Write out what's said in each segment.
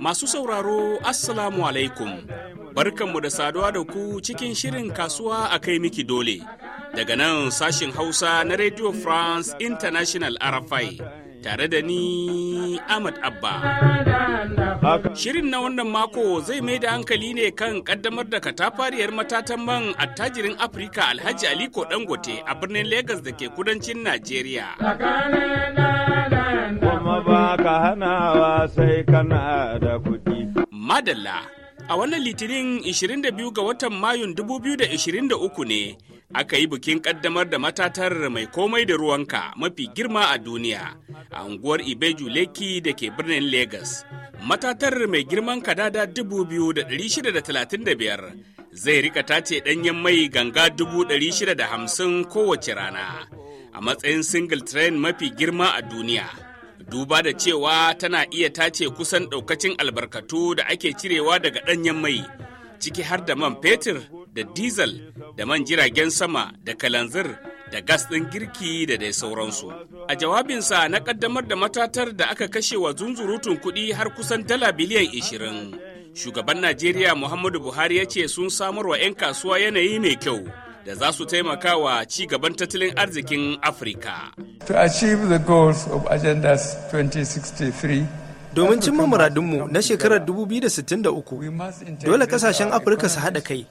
Masu sauraro, Assalamu alaikum. Barkanmu da saduwa da ku cikin shirin kasuwa a kai miki dole. Daga nan sashin Hausa na Radio France International RFI. tare da ni Ahmad Abba. Shirin na wannan mako zai mai da hankali ne kan kaddamar da katafariyar matatan man attajirin Afirka Alhaji Aliko Dangote a birnin Legas da ke kudancin Najeriya. Madalla, a wannan litinin 22 ga watan Mayun 2023 ne aka yi bikin kaddamar da matatar mai komai da ruwanka mafi girma a duniya. a unguwar Ibeju Leki da ke birnin Legas. Matatar mai girman kadada 2,635 zai rika tace danyen mai ganga 650 kowace rana a matsayin single train mafi girma a duniya. Duba da cewa tana iya tace kusan ɗaukacin albarkatu da ake cirewa daga danyen mai, ciki har da man fetur da diesel da man jiragen sama da kalanzir da gas ɗin girki da dai sauransu. A jawabinsa na ƙaddamar da matatar da aka kashe wa zunzurutun kuɗi har kusan dala biliyan 20. Shugaban Najeriya Muhammadu Buhari ya ce sun samar wa 'yan kasuwa yanayi mai kyau da za su taimaka wa ci gaban tattalin arzikin Afirka. To achieve the goals of 2063 domin cimma muradunmu na shekarar 2063 dole kasashen afirka su haɗa kai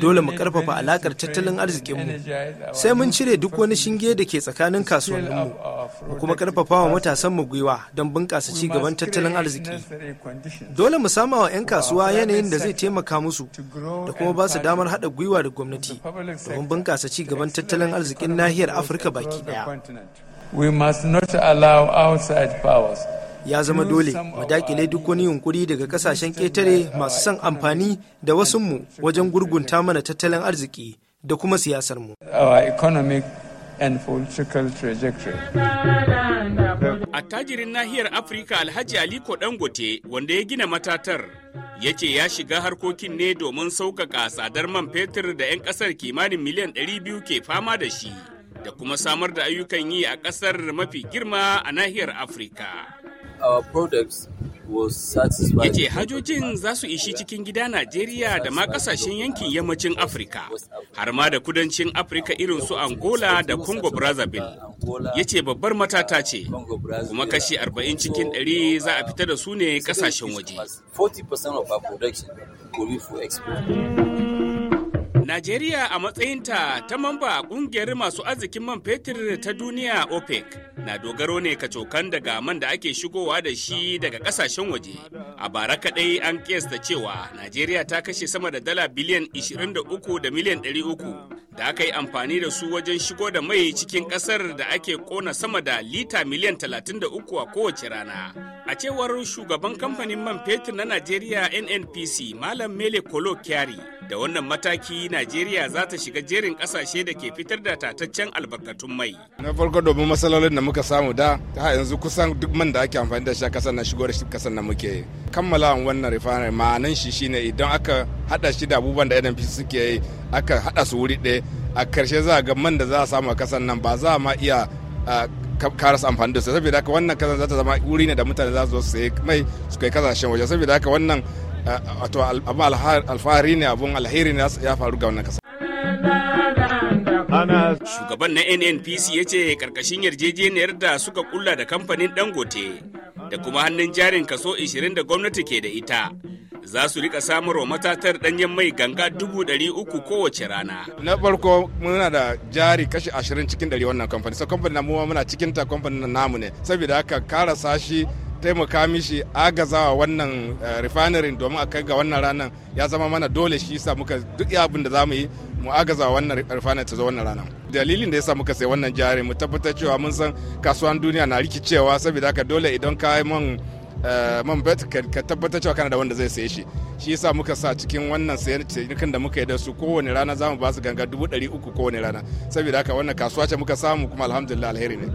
dole mu karfafa alakar tattalin arzikinmu sai mun cire duk wani shinge da ke tsakanin kasuwanninmu mu kuma karfafa wa matasanmu gwiwa don bunƙasa ci gaban tattalin arziki dole mu sama wa 'yan kasuwa yanayin da zai taimaka musu da kuma ba su damar haɗa gwiwa da gwamnati domin bunƙasa ci gaban tattalin arzikin nahiyar afirka baki ɗaya. We must not allow outside powers ya zama dole mu dakile duk wani yunkuri daga kasashen ketare masu son amfani da wasunmu wajen gurgunta mana tattalin arziki da kuma siyasar mu. siyasarmu. Attajirin nahiyar Afirka Alhaji Aliko Dangote wanda ya gina matatar ya ce ya shiga harkokin ne domin sauƙaƙa tsadar man fetur da 'yan ƙasar kimanin miliyan 200 ke fama da shi da kuma samar da ayyukan yi a ƙasar mafi girma a nahiyar Afirka. Ya ce hajojin za su ishi cikin gida Najeriya da ma kasashen yankin yammacin Afirka, har ma da kudancin Afirka irin su Angola da Congo Brazzaville. Ya ce babbar matata ce, kuma kashi 40 cikin 100 za a fita da su ne kasashen waje. Najeriya a matsayinta ta mamba ƙungiyar masu arzikin man fetur ta duniya OPEC. na dogaro ne kacokan daga man da ake shigowa da shi daga kasashen waje a bara kaɗai an kiyasta cewa najeriya ta kashe sama da dala biliyan 23 da miliyan 300 da aka yi amfani da su wajen shigo da mai cikin kasar da ake kona sama da lita miliyan 33 a kowace rana. A cewar shugaban kamfanin man fetur na Najeriya NNPC Malam Mele Kolo Kyari da wannan mataki Najeriya za ta shiga jerin kasashe da ke fitar da tataccen albarkatun mai. Na farko domin matsalolin da muka samu da ta yanzu kusan duk man da ake amfani da shi a kasar na shigo da shi kasar na muke kammala wannan refinery ma'anan shi shine idan aka hada shi da abubuwan da NNPC suke yi aka hada su wuri ɗaya a karshe za ga man da za a samu a kasan nan ba za ma iya karas amfani da su saboda haka wannan kasan za ta zama wuri ne da mutane za su saye mai su kai kasashen waje saboda haka wannan wato alfahari ne abun alheri ne ya faru ga wannan kasa. Shugaban na NNPC ya ce karkashin yarjejeniyar da suka kulla da kamfanin Dangote da kuma hannun jarin kaso 20 da gwamnati ke da ita za su rika wa matatar danyen mai ganga dubu ɗari uku kowace rana. Na farko muna da jari kashi ashirin cikin ɗari wannan kamfani, so na namu muna cikin ta na namu ne, saboda haka kara sashi taimaka mishi agazawa wannan eh, refinery domin a kai ga wannan ranar ya zama mana dole shi sa muka duk abin da za mu yi mu agaza wannan rufana ta zo wannan rana dalilin da sa muka sai wannan jari mu tabbatar cewa mun san kasuwan duniya na rikicewa saboda haka dole idan ka yi mun man bet eh, ka tabbatar cewa kana da wanda zai saye shi shi yasa muka sa cikin wannan sayan cikin da muka yi da su kowane rana mu ba su ganga dubu ɗari uku kowane rana saboda haka wannan kasuwa ce muka samu kuma alhamdulillah alheri ne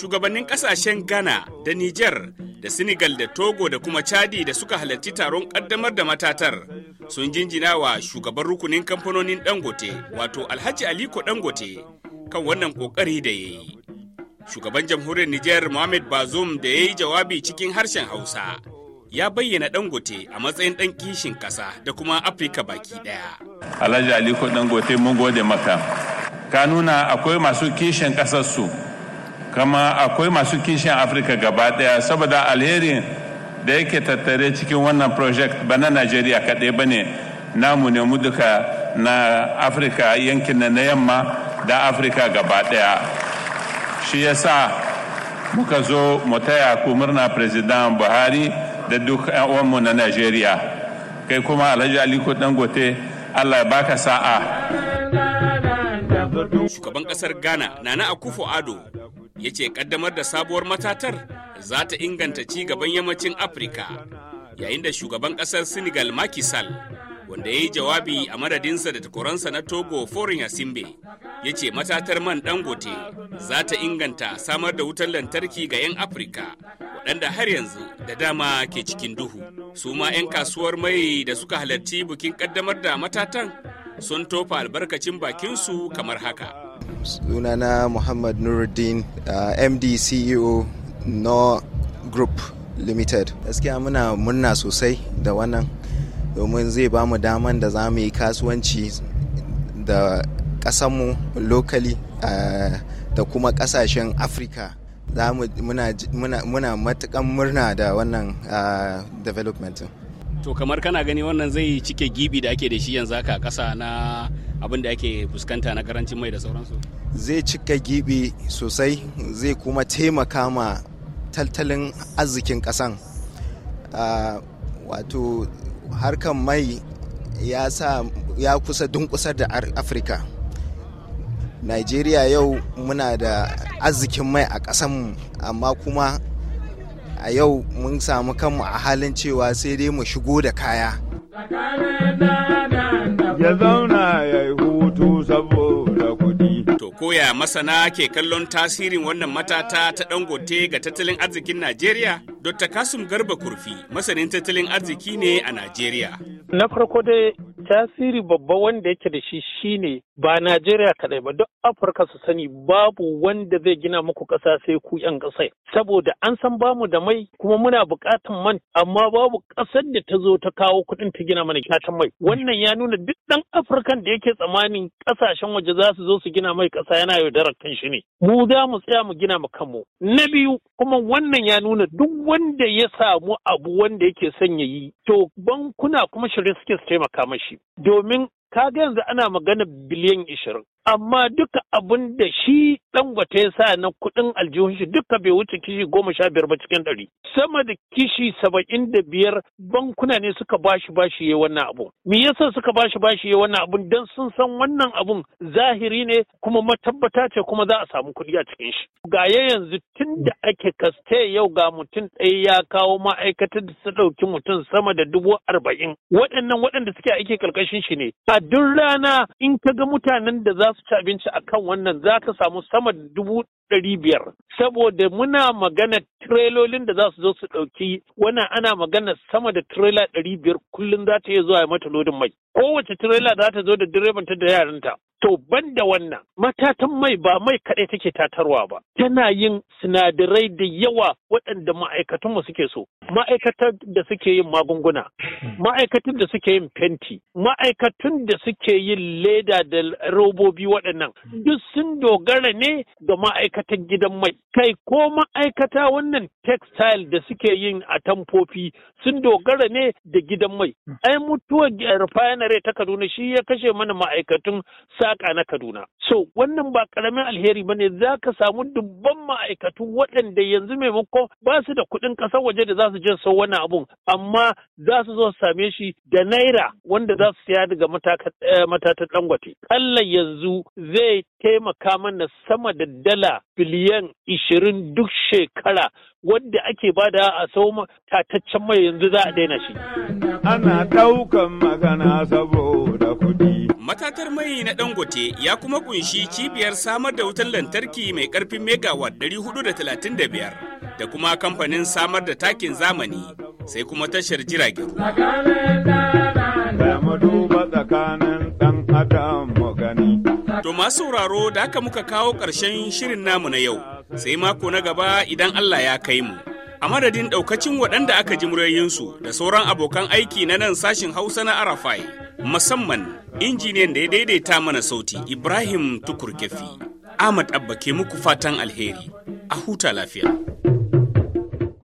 shugabannin kasashen ghana da niger da Senegal da Togo da kuma Chadi da suka halarci taron kaddamar da matatar sun jinjina wa shugaban rukunin kamfanonin Dangote wato Alhaji Aliko Dangote kan wannan kokari da ya yi. Shugaban jamhuriyar Nijar Mohamed Bazoum da ya yi jawabi cikin harshen Hausa ya bayyana Dangote a matsayin ɗan kishin ƙasa da kuma Afirka baki ɗaya. Alhaji Aliko Dangote mun gode maka. Ka nuna akwai masu kishin ƙasarsu kama akwai masu kishin afirka gaba daya saboda alherin da yake tattare cikin wannan project ba na najeriya kaɗai ba ne namu ne mu duka na afirka yankin na yamma da afirka gaba daya shi yasa muka zo mu taya ku murna president buhari da duk uwanmu na najeriya kai kuma alhaji aliko dangote allah ya baka sa'a shugaban kasar ghana nana akufo ado ya ce kaddamar da sabuwar matatar za ta inganta ci gaban yammacin afirka yayin da shugaban kasar senegal makisal wanda ya yi jawabi a madadinsa da takwaransa na togo foreign yasimbe ya ce matatar man dangote za ta inganta samar da wutar lantarki ga 'yan afirka waɗanda har yanzu da dama ke cikin duhu su ma 'yan kasuwar mai da suka halarci bukin kaddamar da matatan sun tofa albarkacin bakinsu kamar haka sunana muhammad nuruddin uh, md ceo no group limited gaskiya muna murna sosai da wannan domin zai ba mu daman da za mu yi kasuwanci da ƙasanmu lokali uh, da kuma ƙasashen afirka muna matuƙan murna da wannan uh, development to kamar kana gani wannan zai cike gibi da ake da shi yanzu haka kasa na abin da ake fuskanta na karancin mai da sauransu zai cika gibi sosai zai kuma taimaka ma tattalin arzikin kasan ah, wato harkan mai ya sa ya kusa dunkusar da afirka nigeria yau muna da arzikin mai a ƙasanmu amma kuma a yau mun samu kanmu a halin cewa sai dai mu shigo da kaya ya zauna ya yi hutu saboda kuɗi. To koya masana ke kallon tasirin wannan matata ta dangote ga tattalin arzikin Najeriya? Dr. Kasim Garba Kurfi, masanin tattalin arziki ne a Najeriya. Na farko dai tasiri babba wanda yake da shi shine ba Najeriya kadai ba duk Afirka su sani babu wanda zai gina muku ƙasa sai ku 'yan ƙasa saboda an san bamu da mai kuma muna buƙatan man amma babu ƙasar da ta zo ta kawo kuɗin ta gina mana gatan mai wannan ya nuna duk ɗan Afirkan da yake tsammanin ƙasashen waje za su zo su gina mai ƙasa yana yaudarar kan shi ne mu za mu tsaya mu gina mu kanmu na biyu kuma wannan ya nuna duk wanda ya samu abu wanda yake son ya yi to bankuna kuma shirye suke su taimaka mashi domin ka ga yanzu ana magana biliyan ishirin amma duka abin da shi dangote ya sa na kudin aljihun shi duka bai wuce kishi goma sha biyar ba cikin ɗari sama da kishi saba'in da biyar bankuna ne suka bashi bashi ya wannan abu me yasa suka bashi bashi ya wannan abun dan sun san wannan abun zahiri ne kuma matabbata ce kuma za a samu kuɗi a cikin shi ga ya yanzu tun da ake kaste yau ga mutum ɗaya ya kawo ma'aikatar da su ɗauki mutum sama da dubu arba'in waɗannan waɗanda suke aiki karkashin shi ne a duk rana in ka ga mutanen da za su ci abinci akan wannan za ka samu sama da dubu ɗari biyar saboda muna magana tirelolin da za su zo su ɗauki wannan ana magana sama da tirela ɗari biyar kullum za ta iya zuwa mata lodin mai kowace tirela za ta zo da direban ta da yaranta to ban da wannan matatan mai ba mai kaɗai take tatarwa ba tana yin sinadarai da yawa waɗanda ma'aikatanmu suke so ma'aikatan da suke yin magunguna ma'aikatan da suke yin fenti ma'aikatan da suke yin leda da robobi waɗannan duk sun dogara ne ga ma'aikatan ma'aikatan gidan mai kai ko ma'aikata wannan textile da suke yin a tamfofi sun dogara ne da gidan mai hmm. ai mutuwar refinery ta Kaduna shi ya kashe mana ma'aikatun saƙa na Kaduna so wannan ba ƙaramin alheri bane ka samu dubban ma'aikatu waɗanda yanzu maimakon ba su da kuɗin ƙasar waje da za su je sau wani abun amma za su zo same shi da naira wanda za su siya daga eh, matatan dangote kalla yanzu zai taimaka mana sama da dala biliyan ishirin duk shekara wadda ake bada a sau tataccen mai yanzu za a daina shi. Ana ɗaukan magana saboda kuɗi. Matatar mai na Dangote ya kuma kunshi cibiyar samar da wutar lantarki mai ƙarfin megawatt 435 da kuma kamfanin samar da takin zamani sai kuma tashar jiragen. ba tsakanin ɗan adam mu gani. To masu sauraro da aka muka kawo ƙarshen shirin namu na yau, sai mako na gaba idan Allah ya kai mu. A madadin ɗaukacin waɗanda aka ji muryoyinsu da sauran abokan aiki na nan sashin Hausa na Arafai, musamman injiniyan da ya daidaita mana sauti Ibrahim Tukur Tukurkefi. Ahmad Abba ke muku fatan alheri, a huta lafiya.